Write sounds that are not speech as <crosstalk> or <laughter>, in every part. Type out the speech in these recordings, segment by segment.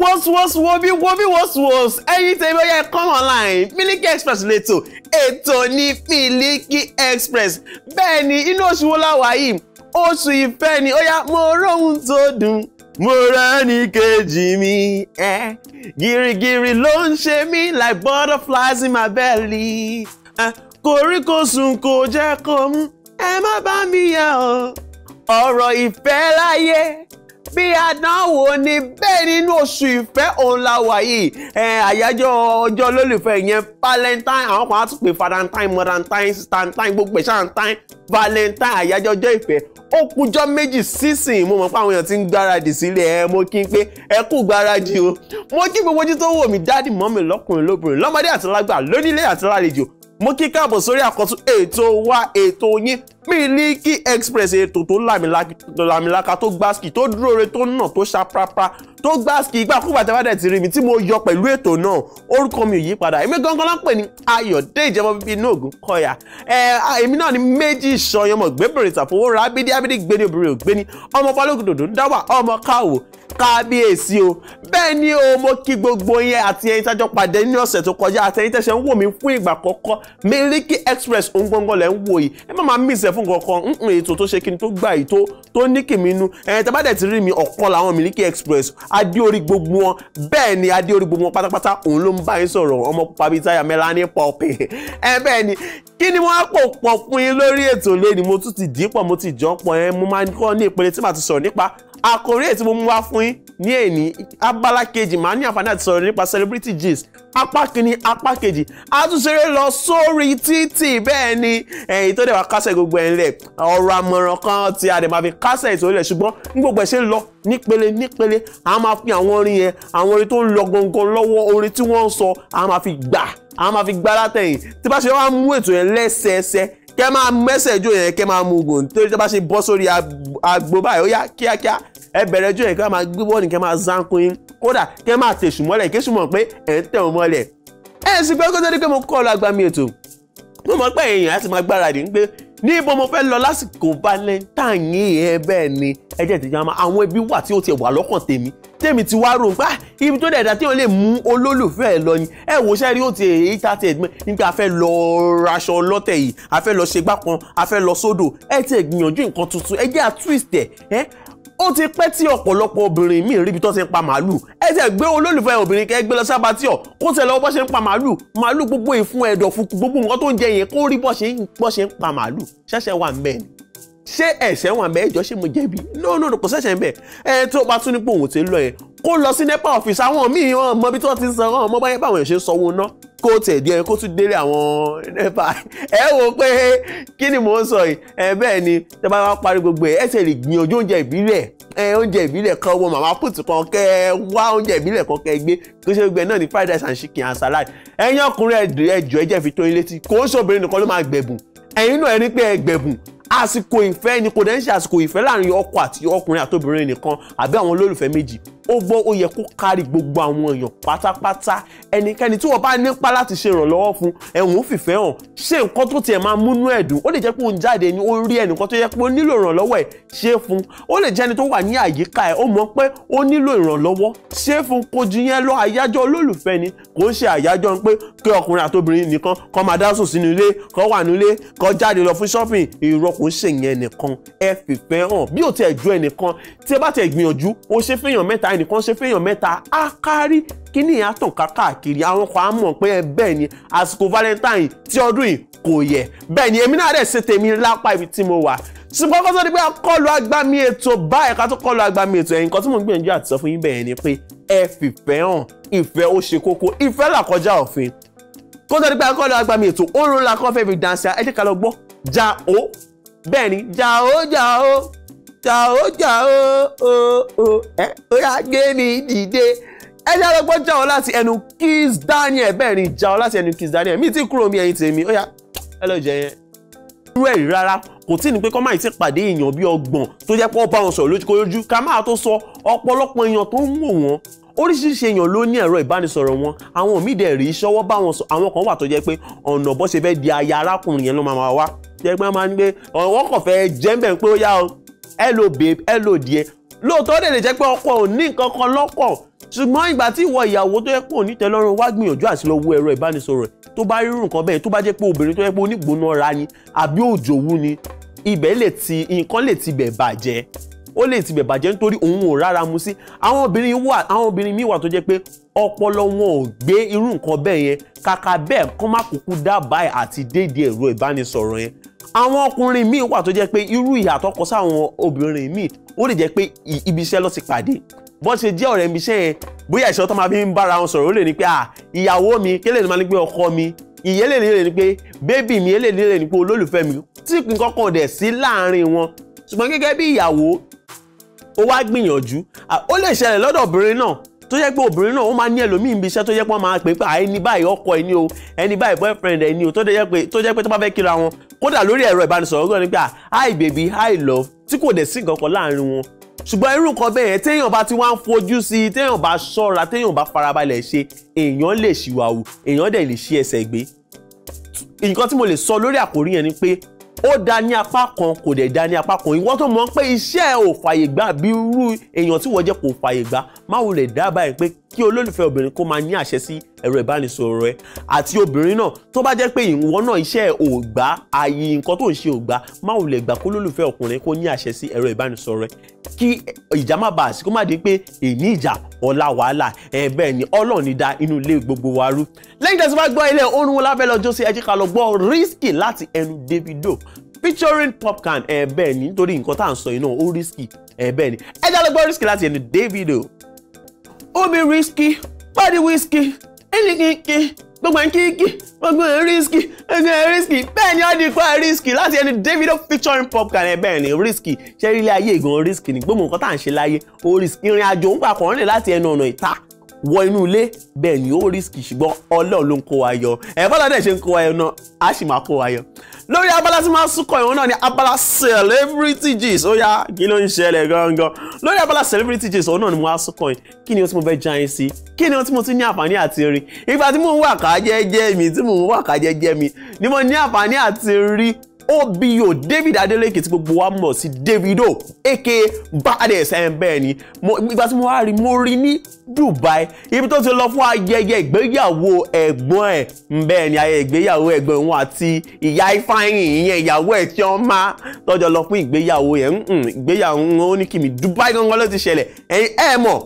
wọ́sowọ́sowọ́bí wọ́bí wọ́sowọ́s ẹ̀yin tẹ̀mí ọ̀yá ẹ̀kọ́ online Miliki Express lẹ́tọ̀ ètò ní Miliki Express bẹ́ẹ̀ ni inú oṣù wo la wà yìí oṣù ìfẹ́ ni ó yá mo róhun tó dùn mo rẹ́ni kejì mi ẹ́ gírígírí ló ń ṣe mí like butterflies in my belly koríko sùn kò jẹ́ kó mú ẹ má bá mi yà ọ́ ọ̀rọ̀ ìfẹ́ láyé bí àdánwò ni bẹ́ẹ̀ nínú oṣù ìfẹ́ òun la wà yìí àyájọ́ ọjọ́ olólùfẹ́ yẹn valentine àwọn kan á tún pè valentine modantine stantine gbogbo ṣantine valentine àyájọ́ ọjọ́ ìfẹ́ ó kújọ́ méjì sísìn mo mọ̀ pé àwọn èèyàn ti ń gbáradì sílẹ̀ ẹ mo kí n pé ẹ kú gbáradì o mo kí gbogbo ojú tó wò mí dádì mọ́mì lọ́kùnrin lóbìnrin lọ́mọdé àti lágbà lónílé àti lálejò mo kí káàbọ̀ sórí àkọ́tún ètò wa ètò yín Miliki Express ètò tó làmìlaka tó gbáàsì tó dúróore tó nà tó ṣaprápá tó gbáàsì ìgbàkúgbà tẹ́ bá dẹ̀ ti rí mi tí mo yọ pẹ̀lú ètò náà orúkọ mi ò yí padà èmi gangan lápè ní Ayọ̀dèjì ọmọ bíbí inú ògùn kọyà èmi náà ní méjì ìṣọyọmọ gbébèrè ìtàfowórà abídí abídí gbéni obìnrin ògbéni ọmọ balógundòdò ń dáwà ọmọ káwò kábíyèsí o bẹ́ẹ̀ ni o mo kí gbogbo yẹn àti ẹ̀yin tájọ pàdé ní ọ̀sẹ̀ tó kọjá àtẹ̀yin ń wò mí fún ìgbà àkọ́kọ́ Miliki Express òǹgbọ̀ngbọ̀n lẹ̀ ń wò yìí ẹ má máa mí ìsẹ̀ f fún kankan nǹkan ètò tó ṣe kí n tó gba ètò tó ní kìmínú ẹ̀yìn tẹ́ bá dẹ̀ ti rí mi ọ̀kan làwọn Miliki Express adéorí gbogbo wọn bẹ́ẹ̀ ni adéorí gbogbo wọn pátápátá òun ló ń bá yín sọ̀rọ̀ ọmọ pupa bíi táyà Melanie pọ̀pì ẹ bẹ́ẹ̀ ni kí ni wọ́n á pò pọ̀ fún yín lórí ètò lé ni mo tún ti dìípọ̀ mo ti jọ́ pọ̀ ẹ mo máa ń kọ́ ní ìpele tí màá ti sọ̀rọ̀ nípa àkòrí èyí tí mo mú wá fún yín ní èní abala kejì màá ní àǹfààní àti sọ̀rọ̀ nípa celebrity gist apá kìíní apá kejì àtúnṣeré lọ sórí títì bẹ́ẹ̀ ni ẹ̀yìn tó dẹ̀ wá kásẹ̀ gbogbo ẹ̀ ńlẹ̀ ọ̀rọ̀ àmọ̀ràn kan tí a dẹ̀ máa fi kásẹ̀ ìsòrílẹ̀ ṣùgbọ́n ní gbogbo ẹ̀ ṣe ń lọ nípele nípele a máa fi àwọn orin yẹn àwọn orin tó ń lọ gangan lọ́wọ́ orin tí wọ́n ń sọ a máa fi gbà a máa fi gbá látẹ̀yìn tí bá ṣe wá mú ètò yẹn lẹ́sẹẹsẹ kẹ́ máa mẹ́sẹ̀ ijó yẹn kẹ́ máa mú gùn torí tó bá ṣe bọ́ sórí agbo báyìí ó yá kíákíá ẹ bẹ̀rẹ̀ ijó yẹn kẹ́ máa gbé bọ́ọ̀nì kẹ́ máa zankun yín kódà kẹ́ máa tẹ̀sùmọ́lẹ̀ kí sùmọ̀ pé ẹ̀ ń tẹ̀ mọ́lẹ̀ ẹ̀ sì gbọ́ kó tó dé pé mo kọ́ ọ lọ agbami ètò mo mọ̀ pé èèyàn á sì máa gbáradì ń pé níbo mo fẹ́ lọ lásìkò valentine yẹn bẹ́ẹ̀ ni ẹjẹ́ ti jama àwọn ẹbí wà tí ó ti wà lọ́kàn tèmi tèmi ti wá rò ń pa ah, ibi tó dẹ̀dá tí wọ́n lè mú olólùfẹ́ ẹ̀ lọ ni ẹ wò ṣẹ́ rí ó ti èyí tá ti ẹ̀gbọ́n nígbà a fẹ́ lọ raṣọ lọ́tẹ̀ yìí a fẹ́ lọ ṣe gbá kan a fẹ́ lọ sódò ẹ ti gbìyànjú nǹkan tuntun ẹ jẹ́ àtúwìsì tẹ̀ ẹ́ ó ti pẹ́ tí ọ̀pọ̀lọpọ̀ obìnrin míì ríbi tó ṣe ń pa màálù ẹsẹ̀ gbé olólùfẹ́ obìnrin kẹ́ gbé lọ sábà tí ọ̀ kó tẹ̀ lọ́wọ́ bọ́ ṣe ń pa màálù màálù gbogbo ìfun ẹ̀dọ̀ fún gbogbo nǹkan tó ń jẹ yẹn kó rí bọ́ ṣe ń bọ́ ṣe ń pa màálù ṣẹ́ṣẹ́ wà ń bẹ̀ ni ṣé ẹ̀ṣẹ̀ wà ń bẹ̀ ẹjọ́ ṣé mo jẹ̀bi no kò ṣẹ̀ṣẹ̀ ń bẹ̀ ẹ tó bá tún nípò òun ti lọ yẹn kó lọ sí nepa ọ̀fíìsì àwọn míì wọn mọ bí tí wọ́n ti ń san wọn mọ báyẹn báwọn èèyàn ṣe ń sanwó ná kó tẹ̀ díẹ̀ kó tún délé àwọn nepa ẹ wò pé kí ni mò ń sọ yìí ẹ bẹ́ẹ̀ ni tẹ bá wá parí gbogbo ẹ ẹsẹ̀ lè gbìyànjú oúnjẹ ìbílẹ̀ ẹ oúnjẹ ìbílẹ̀ kan wọ màmá pùtù kan kẹ ẹ wá oúnjẹ ìbílẹ̀ kan kẹ ẹ gbé kí ṣe gbẹ náà ni fried rice and chicken and salad ẹ̀yin ọkùnrin ẹjọ ẹjẹ fi tó yín létí kò ń ṣòbìnrin nìkan ló máa gbẹ̀bùn ẹ̀yin náà ẹni pé ẹ gbẹ̀bùn àsìkò ìfẹ́ ni kò dẹ́ ń ṣe àsìkò ìfẹ́ láàrin ọkọ àti ọkùnrin àtobìnrin nìkan àbí àwọn olólùfẹ́ méjì ó gbọ́ ó yẹ kó kárí gbogbo àwọn èèyàn pátápátá ẹnikẹ́ni tí wọ́n bá nípa láti ṣe ìrànlọ́wọ́ fún ẹ̀wọ̀n ó fìfẹ́ hàn ṣé nǹkan tó tiẹ̀ máa múnú ẹ̀dùn ó lè jẹ́ pé òun jáde ni ó ń rí ẹnìkan tó yẹ pé ó nílò ìrànlọ́wọ́ ẹ̀ ṣe fún ó lè jẹ́ ẹni tó wà ní àyíká ẹ̀ ó mọ̀ pé ó nílò ìrànlọ́wọ́ ṣe fún kojú yẹn lọ àyájọ́ olólùfẹ́ ni kò ń ṣe àyájọ́ pé kí ọkùnrin àtobìnrin nìkan kó máa dá sùn sínú ilé kó wà nílé kó jáde lọ fún shopping irọ́ kò ń ṣèyẹn nìkan ẹ fìfẹ́ hàn bí ò tiẹ̀ ju ẹnìkan tí ẹ bá tiẹ̀ gbìyànjú ó ṣe fẹ́yàn mẹ́ta ẹnìkan ṣe fẹ́yàn mẹ́ta á kárí kíní yẹn á tàn káàkiri àwọn kan á mọ̀ pé bẹ́ẹ̀ ni àsìkò valentine ti ọdún yìí kò yẹ bẹ́ẹ̀ ni èmi náà dẹ̀ ṣe tèmi lápá ibi tí mo wà ṣùgbọ́n kọ́sọ́ ni pé akọlù agbami ètò báyìí ká tó kọlù agbami ètò ẹ̀yìn kan tí mo ń gbìyànjú àti sọ fún yín bẹ́ẹ̀ ni pé ẹ fìfẹ́ hàn ìfẹ́ ó ṣe kókó ìfẹ́ làkọjá òfin kọ́sọ́ ni pé akọlù agbami ètò òórùn làkọ́ fẹ́ fi dànsì ẹ jẹ́ ká lọ bẹ́ẹ̀ ni ja o ja o ta ọjà o o o ẹ ó yá gbé mi dìde ẹ jẹ́ lọ́gbọ́ já ọ láti ẹnu Kiss Daniel bẹ́ẹ̀ ni já ọ láti ẹnu Kiss Daniel mi ti kúrò mi ẹ̀yin tèmi ó yá ẹ lọ jẹ yẹn irú ẹ̀rí rárá kò tí ní pé kọ́ máa ti pàdé èèyàn bíi ọgbọ̀n tó jẹ́ pé ó bá wọn sọ̀rọ̀ lójúkójú ká máa tó sọ ọ̀pọ̀lọpọ̀ èèyàn tó ń wò wọ́n oríṣiríṣi èèyàn ló ní ẹ̀rọ ìbánisọ̀rọ̀ wọn àwọn míì dẹ̀ rí ṣọwọ́ bá wọn sọ àwọn kan wà tó jẹ́ pé ọ̀nà bó ṣe fẹ́ di aya arákùnrin yẹn ló máa wá jẹ́ pé wọ́n kàn fẹ́ jẹ́ ń bẹ̀ pé ó yá o hello babe hello dear lóòótọ́ dẹ̀ lè jẹ́ pé ọkọ ò ní nǹkan kan lọ́kàn ṣùgbọ́n ìgbà tí ìwọ ìyàwó tó yẹ pé onítẹ̀lọ́rùn wá gbìyànjú àti lọ wo ẹ̀rọ ìbánisọ̀rọ̀ tó bá rírun nǹkan bẹ́ẹ̀ tó bá jẹ́ pé obìnrin tó yẹ pé onígbóná ra ni àbí òjòwú ni ibẹ̀ lè ti nǹkan lè ti bẹ̀ bàjẹ́ ó lè tibẹ̀ bàjẹ́ nítorí òun ò rárá mu sí àwọn obìnrin wà àwọn obìnrin míì wà tó jẹ́ pé ọpọlọ wọn ò gbé irú nǹkan bẹ́ẹ̀ yẹn kàkà bẹ́ẹ̀ kọ́ má kúkú dábàá àti déédéé ẹ̀rọ ìbánisọ̀rọ̀ yẹn àwọn ọkùnrin míì wà tó jẹ́ pé irú ìyàtọ̀ kọ sáwọn obìnrin míì ó lè jẹ́ pé ibi iṣẹ́ ló ti pàdé bó ṣe jẹ́ ọ̀rẹ́ mi iṣẹ́ yẹn bóyá ìṣẹ́ tó máa fi ń bára wọn sọ̀rọ̀ ó lè ní pé à ìyàwó mi kí lè ní máa ní pé ọkọ mi ìyẹn lè ní lè ní pé bébì mi lè ní lè ní pé olólùfẹ́ mi tí nǹkan kan dẹ̀ sí láàárín wọn ṣùgbọ́n gẹ́gẹ́ bí ìyàwó ó wá gbìyànjú ó lè ṣẹlẹ̀ lọ́dọ̀ obìnrin náà tó jẹ́ pé obìnrin náà ó máa ní ẹlòmíì ibi iṣẹ́ tó jẹ́ pé wọ́n máa pè pé ẹni báyìí ọkọ ẹni o ẹni báyìí boyfriend ẹni o tó jẹ́ pé tó jẹ́ pé tó bá fẹ́ kíra wọn kódà lórí ẹ̀rọ ìbánisọ̀rọ̀ gan nígbà hi baby hi love tí kò dẹ̀ sí nǹkan kan láàrin wọn ṣùgbọ́n irú nǹkan bẹ́ẹ̀ téèyàn bá ti wá ń fojú sí i téèyàn bá ṣọ́ra téèyàn bá farabalẹ̀ ṣe èèyàn lè ṣìwàwù èèyàn dẹ̀ lè ṣí ẹsẹ̀ gbé mo lè sọ lórí àkòrí yẹn ni ó da ní apá kan kò dẹ̀ da ní apá kan ìwọ́n tó mọ̀ pé iṣẹ́ ò fàyè gbà bí irú èèyàn tí wọ́n jẹ́ kò fàyè gbà máa wulẹ̀ dábàá ẹ̀ pé kí olólùfẹ́ obìnrin kó máa ní àṣẹ sí ẹ̀rọ ìbánisọ̀rọ̀ rẹ àti obìnrin náà tó bá jẹ́ pé ìwọ náà iṣẹ́ ògbà ààyè nǹkan tó ń ṣe ògbà má ò lè gbà kó olólùfẹ́ ọkùnrin kó ní àṣẹ sí ẹ̀rọ ìbánisọ̀rọ̀ rẹ kí ìjà má bàa sí kó má di pé èní ìjà ọ̀la wàhálà ẹ̀ bẹ́ẹ̀ ni ọlọ́run ní da inú ilé gbogbo wa rú. lẹ́yìn tẹ̀sí máa gbọ́ ilé oorun wọn lábẹ́ lọ́jọ́ sí ẹ ká lọ gbọ́ Risky láti ẹnu Davido featuring popcorn ẹ̀ bẹ́ẹ̀ ni nítorí nǹkan tá à ń sọ yìí náà ó Risky ẹ̀ bẹ́ẹ̀ ni ẹ jẹ́ gbọ́ Risky láti ẹnu Davido omi risky pàdé whisky ẹnì kìkì gbogbo ẹni kìkì gbogbo ẹni risky gbogbo ẹni risky bẹ́ẹ̀ ni ọdún ikú ẹ risky láti ẹni Davido featuring Popcan ẹ bẹ́ẹ̀ ni risky ṣé ilé ayé ìgan risky ni gbogbo nǹkan tá à ń ṣe láyé ó risky ìrìn àjò ń gbà kàn rìn láti ẹnu ọ̀nà ìta wọ inú ilé bẹ́ẹ̀ ni ó rísìkì ṣùgbọ́n ọlọ́run ló ń kó wa yọ ẹ̀ bọ́lá dẹ̀ ṣe ń kó wa yọ náà a sì máa kó wa yọ. lórí abala tí máa ń súnkọ ìwọ̀n náà ni abala celebrity gist ó yá kí ló ń ṣẹlẹ̀ gangan lórí abala celebrity gist òun náà ni mo wá súnkọ yìí kí ni o tí mo fẹ́ já yín sí kí ni o tí mo ti ní àǹfààní àti rí ìgbà tí mò ń wà ká jẹ́jẹ́ mi tí mò ń wà ká jẹ́jẹ́ mi ni mo ní àǹfààní àti rí OBO David Adeleke tí gbogbo wa mọ̀ sí Davido aka Badass ẹ̀ ń bẹ́ẹ̀ ni ìgbà tí mo wá rí mo rí ní Dubai ibi tó ti lọ fún ayẹyẹ ìgbéyàwó ẹ̀gbọ́n ẹ̀ ń bẹ́ẹ̀ ni ayẹyẹ ìgbéyàwó ẹ̀gbọ́n òun àti ìyá Ifeanyi ìyẹn ìyàwó ẹ̀ tí wọ́n má tọ́jọ́ lọ fún ìgbéyàwó yẹn ìgbéyàwó wọn ó ní kí mi Dubai gangan ló ti ṣẹlẹ̀ ẹ̀yin ẹ̀ mọ̀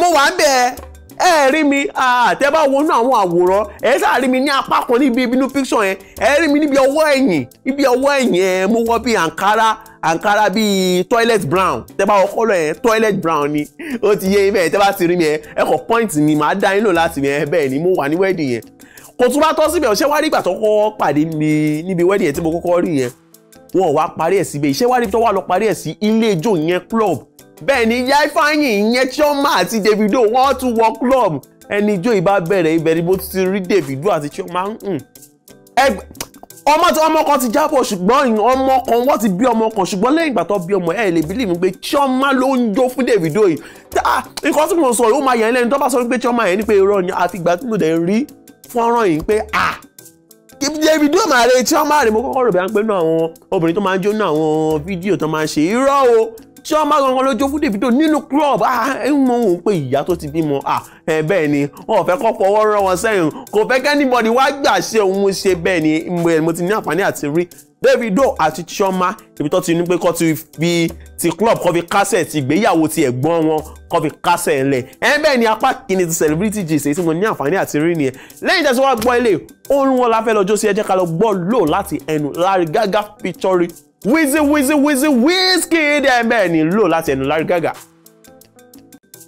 mo wà ń bẹ́ẹ̀ ẹ rí mi àtẹ bá wọnú àwọn àwòrán ẹ sáà rí mi ní apá kan níbi ibinú píksọ̀ yẹn ẹ rí mi níbi ọwọ́ ẹ̀yìn níbi ọwọ́ ẹ̀yìn ẹ mú wọ́ bíi ankara ankara bíi toilet brown tẹ bá wọ kọ́lọ̀ yẹn toilet brown ni ó ti yé ibẹ̀ tẹ bá ti rí mi yẹn ẹ kọ point ni màá dá yín lò láti yẹn bẹ́ẹ̀ ni mo wà ní wedding yẹn kò tún bá tọ́ síbẹ̀ ọ̀ṣẹ́ wá rí ìgbà tó kọ́ pàdé mi níbi wedding yẹn tí mo kọ́kọ́ rí yẹn wọn ò wá parí ẹ̀ síbẹ̀ ìṣẹ́ wá rí tó wà lọ parí ẹ̀ sí ilé ijó yẹn club bẹ́ẹ̀ ni Ìyá Ifeanyi ìyẹn Chioma àti Davido wọ́n tún wọ club ẹni ijó ìbá bẹ̀rẹ̀ ibẹ̀ ni mo ti rí Davido àti Chioma hmm. ọmọ tí ọmọ kan ti jábọ̀ ṣùgbọ́n ọmọ kan wọ́n ti bí ọmọ kan ṣùgbọ́n lẹ́yìn ìgbà tó bí ọmọ ẹ̀ lè bílíìmù pé Chioma ló ń jó fún Davido yìí nǹkan tí mo sọ yìí ó máa yẹn lẹ́nu tó bá sọ pé Chioma yẹn ni pé irọ́ ni àfi ìgbà tí mo dẹ̀ rí fọ́nrán yìí pé ah Davido máa re Chioma rè mo kọ́kọ́ rò bí wọ́n pé náà àwọn obìnrin tó máa ń jó náà àwọn fídíò tó máa ń ṣe irọ́ o chioma gangan ló jó fún davido nínú club ah ẹ mọ òun pé ìyá tó ti bímọ ah ẹ bẹ́ẹ̀ ni wọn ò fẹ́ kọ́ fọwọ́ rán wọn sẹ́yìn kò fẹ́ kẹ́nìbọ̀dì wá gbà ṣe òun ṣe bẹ́ẹ̀ ni mo ti ni àǹfààní àti rí davido àti chioma ibi tó ti ní pé kó ti fi ti club kó fi kásẹ̀ ti ìgbéyàwó ti ẹ̀gbọ́n wọn kó fi kásẹ̀ ńlẹ̀ ẹ bẹ́ẹ̀ ni apá kìíní ti celebrity gist èyí tí mo ní àǹfààní àti rí nìyẹn lẹ́yìn tẹ̀síwá gbọ́ ilé oorun wọn la fẹ́ lọ jó sí ẹ jẹ́ ká lọ gbọ́ lò láti ẹnu Larry Gaga featuring Wizzy wizzy wíṣí Wizkid ẹ̀bẹ̀ ni lò láti ẹnu Larry Gaga.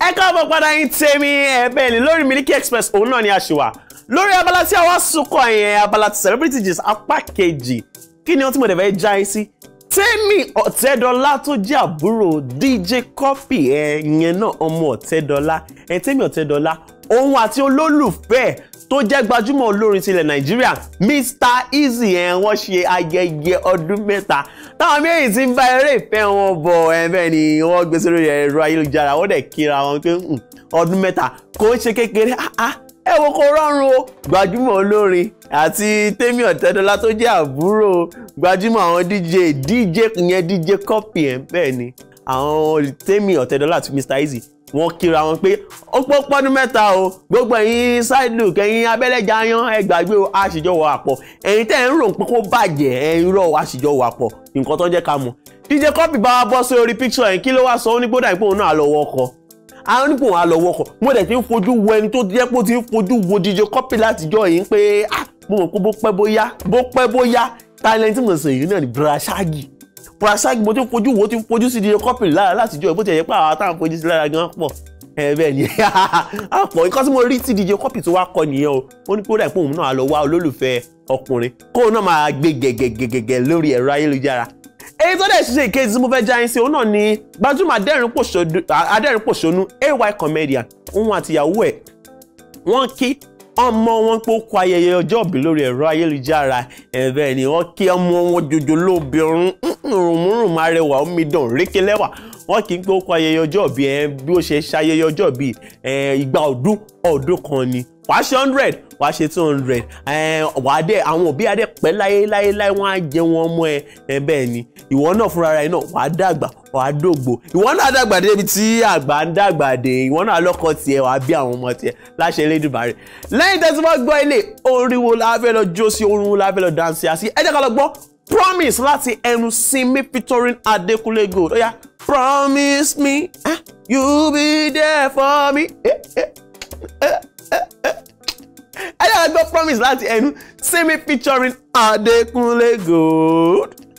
ẹ káàbọ̀ padà yín tèmi ẹ̀bẹ̀ ni lórí Miliki Express òun náà ni a ṣì wà lórí abala tí a wá sunkọ yẹn abala ti celebrity gist apá kejì kí ni ohun tí mo dẹ̀ fẹ́ já yín sí Tẹ́mi Ọ̀tẹ́dọ́lá tó jẹ́ àbúrò DJ Cuppy ẹ̀yẹn náà ọmọ Ọ̀tẹ́dọ́lá ẹ̀ Tẹ́mi Ọ̀tẹ́dọ́lá òun àti olólùfẹ́ tó jẹ́ gbajúmọ̀ olórin tilẹ̀ nàìjíríà Mr Eazy ẹ̀ wọ́n ṣe ayẹyẹ ọdún mẹ́ta táwọn méjì ti ń bá eré ìfẹ́ wọn bọ̀ ẹ̀ bẹ́ẹ̀ ni wọ́n gbé sórí ẹ̀rọ ayélujára wọ́n dẹ̀ kíra wọn pé hmm, ọdún mẹ́ta kò ń ṣe kékeré ah, ah, ẹ wo kò rọrùn o gbajúmọ̀ olórin àti Tẹ́mi Ọ̀tẹ́dọ́lá tó jẹ́ àbúrò gbajúmọ̀ àwọn DJ DJ yẹn DJ Cuppy ẹ̀ bẹ́ẹ̀ ni àwọn Tẹ́mi Ọ̀tẹ́dọ́lá àti Mr Easy wọ́n kíra wọn pé ó pọ́ pọ́nú mẹ́ta o gbogbo ẹ̀yin side look ẹ̀yin abẹ́lẹ́jàyán ẹ gbàgbé o àṣìjọ wà pọ̀ ẹ̀yin tẹ́ ẹ̀ ń rò pé kó bàjẹ́ ẹ̀yin rọ̀ àṣìjọ wà pọ̀ nǹkan tó ń jẹ́ ká mọ̀ DJ Cuppy bá wa bọ́ sí orí picture yẹn kí ló wá sọ ó ní gbódà ìpòhùn náà lọ́wọ́ ọkọ̀ àwọn onípò wọn àlọ́wọ́ kọ̀ mo dẹ̀ ti ń fojú wo ẹni tó jẹ́ pé ó ti ń fojú wo DJ Cuppy látijọ́ yìí pé ah mo mọ̀ pé bó pẹ́ bóyá bó pẹ́ bóyá talent mo sèyí náà ní Bra Shaggy Parasite mo ti fojú wo ti fojú sí DJ Cupping lára láti jọ ìbó ti ẹ̀yẹ pa àwọn táwọn fojú sí lára gan pọ̀ ẹ bẹ́ẹ̀ ni àpọ̀ <laughs> nǹkan tí mo rí tí DJ Cupping tó wá kọ nìyẹn o ó ní kódà ìpòhùn náà lọ wá olólùfẹ́ ọkùnrin kóun náà máa gbé gẹ̀gẹ̀gẹ̀gẹ̀ lórí ẹ̀rọ ayélujára èyí tó dẹ̀ ṣiṣẹ́ ìkejì tí mo fẹ́ já yín sí òun náà ni gbajúmọ̀ adẹ́rìn-pòṣónú ay comedian òun àtìyàwó ẹ̀ wọ́n kí ọmọ wọn pé ó kọ ayẹyẹ ọjọ́ ìbí lórí ẹ̀rọ ayélujára ẹ̀bẹ̀ ni wọ́n kí ọmọ wọn jòjò lóbìnrin rùmùrùmù arẹwà omidan rékelẹ́wà wọ́n kì í pé ó kọ ayẹyẹ ọjọ́ bí ẹ bí ó ṣe ṣayẹyẹ ọjọ́ bí ìgbà ọdún ọdún kan ni wàá ṣe hundred wàá ṣe two hundred wàá dẹ àwọn òbí adẹ pẹ́ láyé láyé láyé wọ́n á jẹ wọn ọmọ ẹ bẹ́ẹ̀ ni ìwọ náà fúnra rẹ náà wàá dàgbà wàá dògbò ìwọ náà dàgbà dé ibi tí àgbà ń dàgbà dé ìwọ náà lọ́kọ tiẹ̀ wàá bí àwọn ọmọ tiẹ̀ láṣẹ Elédùmarè lẹ́yìn tẹ́sí wọ́n gbọ́ ilé orin wo la fẹ́ lọ jó sí orin wo la fẹ́ lọ dáńsì àti ẹ jẹ́ ká lọ gbọ́ promise láti ẹnu Simi featuring Adekunle Gold ó yá promise me ah, you'll be there for me. ẹ dára gbọ́ promise láti ẹnu Simi featuring Adekunle Gold.